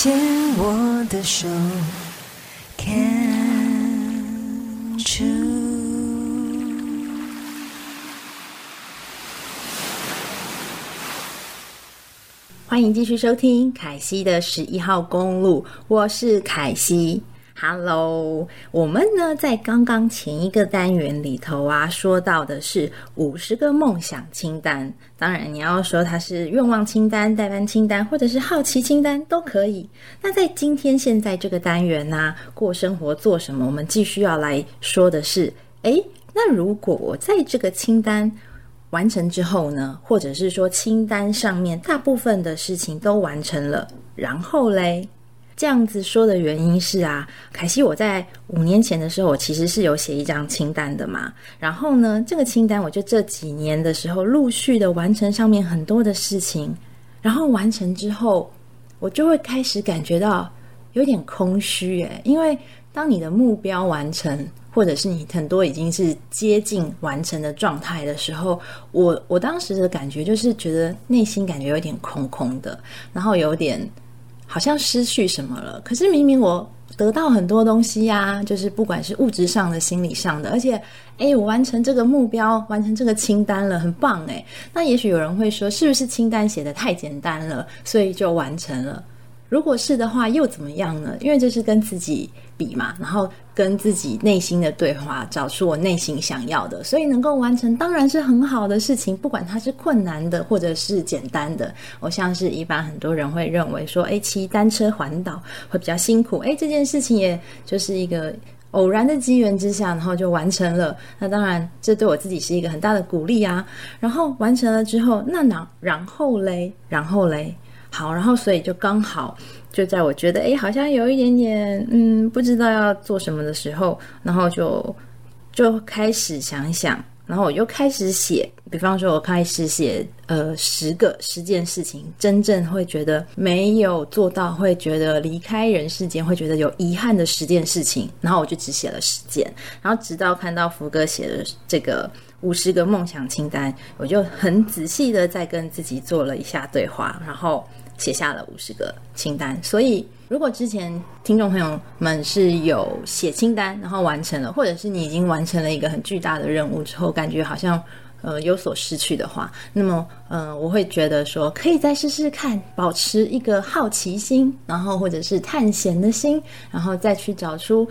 牽我的手，Can't you? 歡迎繼續收聽凱西的十一號公路，我是凱西。Hello，我們呢在剛剛前一個單元裡頭啊，說到的是五十個夢想清單。當然，你要說它是願望清單、待辦清單，或者是好奇清單都可以。那在今天現在這個單元呢、啊，過生活做什麼？我們繼續要來說的是，誒，那如果我在這個清單完成之後呢，或者是說清單上面大部分的事情都完成了，然後嘞？這樣子說的原因是啊，凱西，我在五年前的時候，我其實是有寫一張清單的嘛。然後呢，這個清單，我就這幾年的時候陸續的完成上面很多的事情，然後完成之後，我就會開始感覺到有點空虛誒，因為當你的目標完成，或者是你很多已經是接近完成的狀態的時候，我我當時的感覺就是覺得內心感覺有點空空的，然後有點。好像失去什麼了，可是明明我得到很多東西呀、啊，就是不管是物質上的、心理上的，而且，哎、欸，我完成這個目標，完成這個清單了，很棒哎、欸。那也許有人會說，是不是清單寫得太簡單了，所以就完成了？如果是的話，又怎麼樣呢？因為這是跟自己比嘛，然後跟自己內心的對話，找出我內心想要的，所以能夠完成當然是很好的事情，不管它是困難的或者是簡單的。我像是一般很多人會認為說，誒，騎單車環島會比較辛苦，誒，這件事情也就是一個偶然的機緣之下，然後就完成了。那當然，這對我自己是一個很大的鼓勵啊。然後完成了之後，那然然後嘞，然後嘞。好，然後所以就剛好就在我覺得哎，好像有一點點嗯，不知道要做什麼的時候，然後就就開始想一想，然後我就開始寫，比方說我開始寫呃，十個十件事情，真正會覺得沒有做到，會覺得離開人世間，會覺得有遺憾的十件事情，然後我就只寫了十件，然後直到看到福哥寫的這個五十個夢想清單，我就很仔細的再跟自己做了一下對話，然後。寫下了五十個清單，所以如果之前聽眾朋友們是有寫清單，然後完成了，或者是你已經完成了一個很巨大的任務之後，感覺好像呃有所失去的話，那麼呃我會覺得說可以再試試看，保持一個好奇心，然後或者是探險的心，然後再去找出。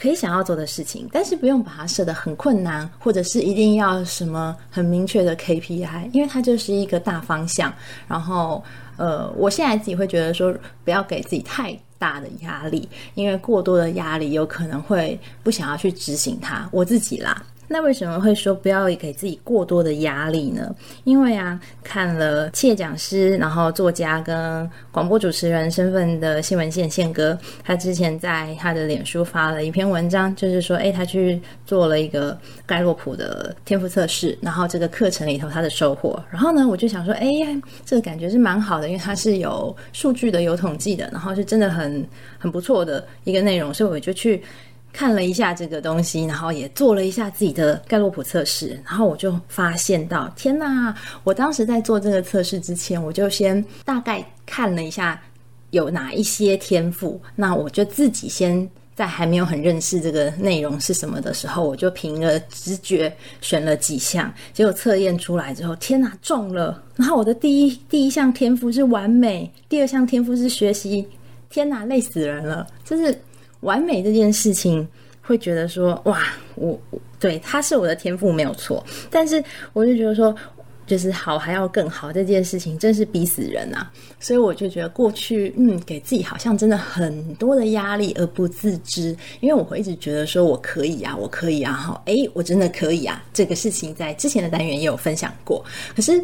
可以想要做的事情，但是不用把它設得很困難，或者是一定要什麼很明確的 KPI，因為它就是一個大方向。然後，呃，我現在自己會覺得說，不要給自己太大的壓力，因為過多的壓力有可能會不想要去執行它。我自己啦。那為什麼會說不要給自己過多的壓力呢？因為啊，看了企業講師、然後作家跟廣播主持人身份的謝文憲憲哥，他之前在他的臉書發了一篇文章，就是說，誒，他去做了一個蓋洛普的天賦測試，然後這個課程裡頭他的收穫。然後呢，我就想說，誒，這個感覺是蠻好的，因為它是有數據的、有統計的，然後是真的很很不錯的一個內容，所以我就去。看了一下這個東西，然後也做了一下自己的蓋洛普測試，然後我就發現到，天哪！我當時在做這個測試之前，我就先大概看了一下有哪一些天賦，那我就自己先在還沒有很認識這個內容是什麼的時候，我就憑了直覺選了幾項，結果測驗出來之後，天哪，中了！然後我的第一第一項天賦是完美，第二項天賦是學習，天哪，累死人了，就是。完美這件事情，會覺得說哇，我對他是我的天賦沒有錯，但是我就覺得說，就是好還要更好這件事情真是逼死人啊！所以我就覺得過去嗯，給自己好像真的很多的壓力而不自知，因為我會一直覺得說我可以啊，我可以啊，好哎，我真的可以啊！這個事情在之前的單元也有分享過，可是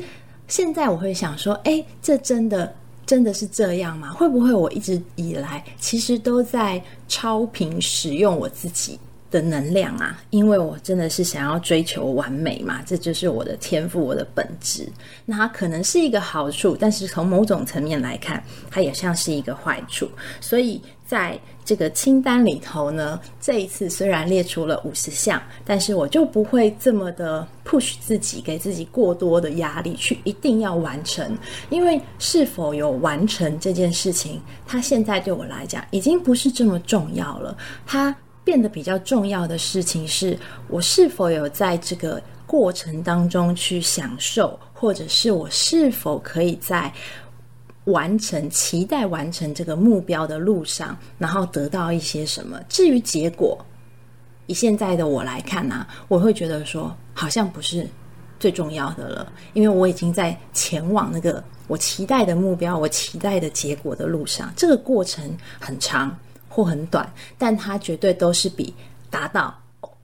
現在我會想說，哎，這真的。真的是這樣嗎？會不會我一直以來其實都在超頻使用我自己？的能量啊，因為我真的是想要追求完美嘛，這就是我的天賦，我的本質。那它可能是一個好處，但是從某種層面來看，它也像是一個壞處。所以在這個清單裡頭呢，這一次雖然列出了五十項，但是我就不會這麼的 push 自己，給自己過多的壓力去一定要完成，因為是否有完成這件事情，它現在對我來講已經不是這麼重要了。它。變得比較重要的事情是我是否有在這個過程當中去享受，或者是我是否可以在完成、期待完成這個目標的路上，然後得到一些什麼？至於結果，以現在的我來看呢、啊，我會覺得說好像不是最重要的了，因為我已經在前往那個我期待的目標、我期待的結果的路上，這個過程很長。或很短，但它絕對都是比達到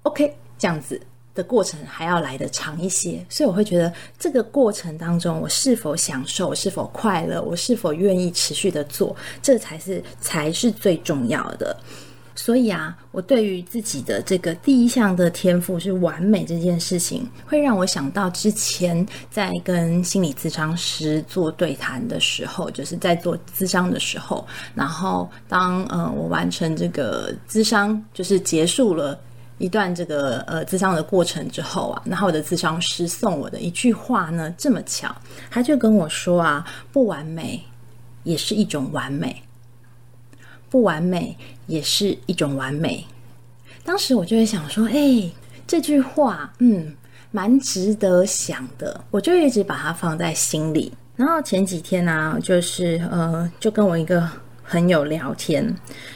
OK 這樣子的過程還要來得長一些，所以我會覺得這個過程當中，我是否享受，我是否快樂，我是否願意持續的做，這才是才是最重要的。所以啊，我對於自己的這個第一項的天賦是完美這件事情，會讓我想到之前在跟心理諮商師做對談的時候，就是在做諮商的時候，然後當呃我完成這個諮商，就是結束了一段這個呃諮商的過程之後啊，然後我的諮商師送我的一句話呢，這麼巧，他就跟我說啊，不完美也是一種完美。不完美也是一種完美。當時我就會想說：“哎，這句話，嗯，蠻值得想的。”我就一直把它放在心裡。然後前幾天呢，就是呃，就跟我一個。朋友聊天，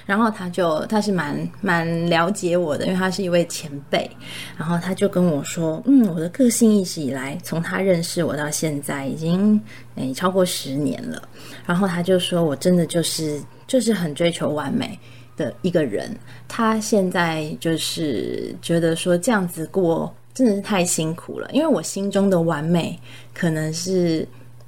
然後他就他是蠻蠻了解我的，因為他是一位前輩，然後他就跟我說：“嗯，我的個性一直以來，從他認識我到現在，已經誒、哎、超過十年了。”然後他就說：“我真的就是就是很追求完美的一個人。”他現在就是覺得說這樣子過真的是太辛苦了，因為我心中的完美可能是。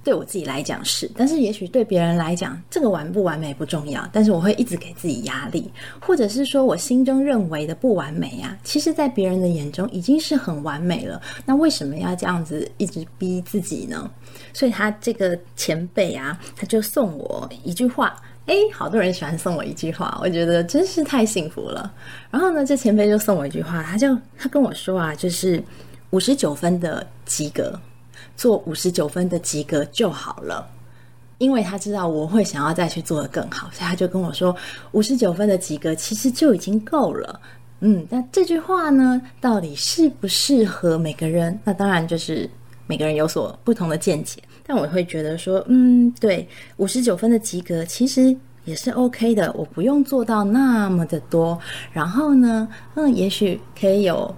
對我自己來講是，但是也許對別人來講，這個完不完美不重要。但是我會一直給自己壓力，或者是說我心中認為的不完美啊，其實在別人的眼中已經是很完美了。那為什麼要這樣子一直逼自己呢？所以他這個前輩啊，他就送我一句話，哎，好多人喜歡送我一句話，我覺得真是太幸福了。然後呢，這前輩就送我一句話，他就他跟我說啊，就是五十九分的及格。做五十九分的及格就好了，因為他知道我會想要再去做的更好，所以他就跟我說五十九分的及格其實就已經夠了。嗯，但這句話呢，到底適不適合每個人？那當然就是每個人有所不同的見解。但我會覺得說，嗯，對，五十九分的及格其實也是 OK 的，我不用做到那麼的多。然後呢，嗯，也許可以有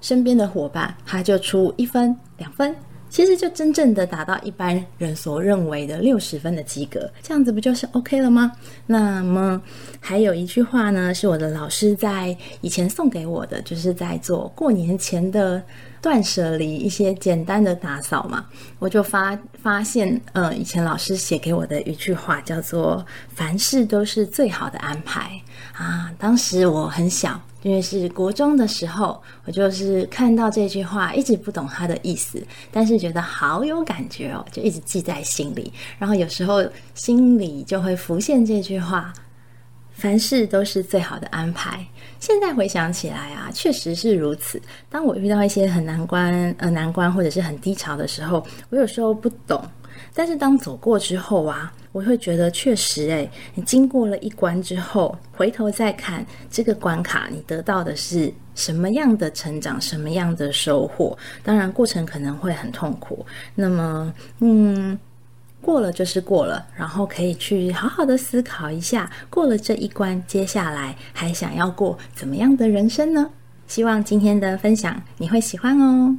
身邊的夥伴，他就出一分、兩分。其實就真正的達到一般人所認為的六十分的及格，這樣子不就是 OK 了嗎？那麼還有一句話呢，是我的老師在以前送給我的，就是在做過年前的，斷捨離一些簡單的打掃嘛，我就發發現，呃，以前老師寫給我的一句話叫做“凡事都是最好的安排”啊。當時我很小，因為是國中的時候，我就是看到這句話，一直不懂它的意思，但是覺得好有感覺哦，就一直記在心裡。然後有時候心裡就會浮現這句話。凡事都是最好的安排。現在回想起來啊，確實是如此。當我遇到一些很難關呃難關或者是很低潮的時候，我有時候不懂。但是當走過之後啊，我會覺得確實、欸，哎，你經過了一關之後，回頭再看這個關卡，你得到的是什麼樣的成長，什麼樣的收穫？當然，過程可能會很痛苦。那麼，嗯。過了就是過了，然後可以去好好的思考一下，過了這一關，接下來還想要過怎麼樣的人生呢？希望今天的分享你會喜歡哦。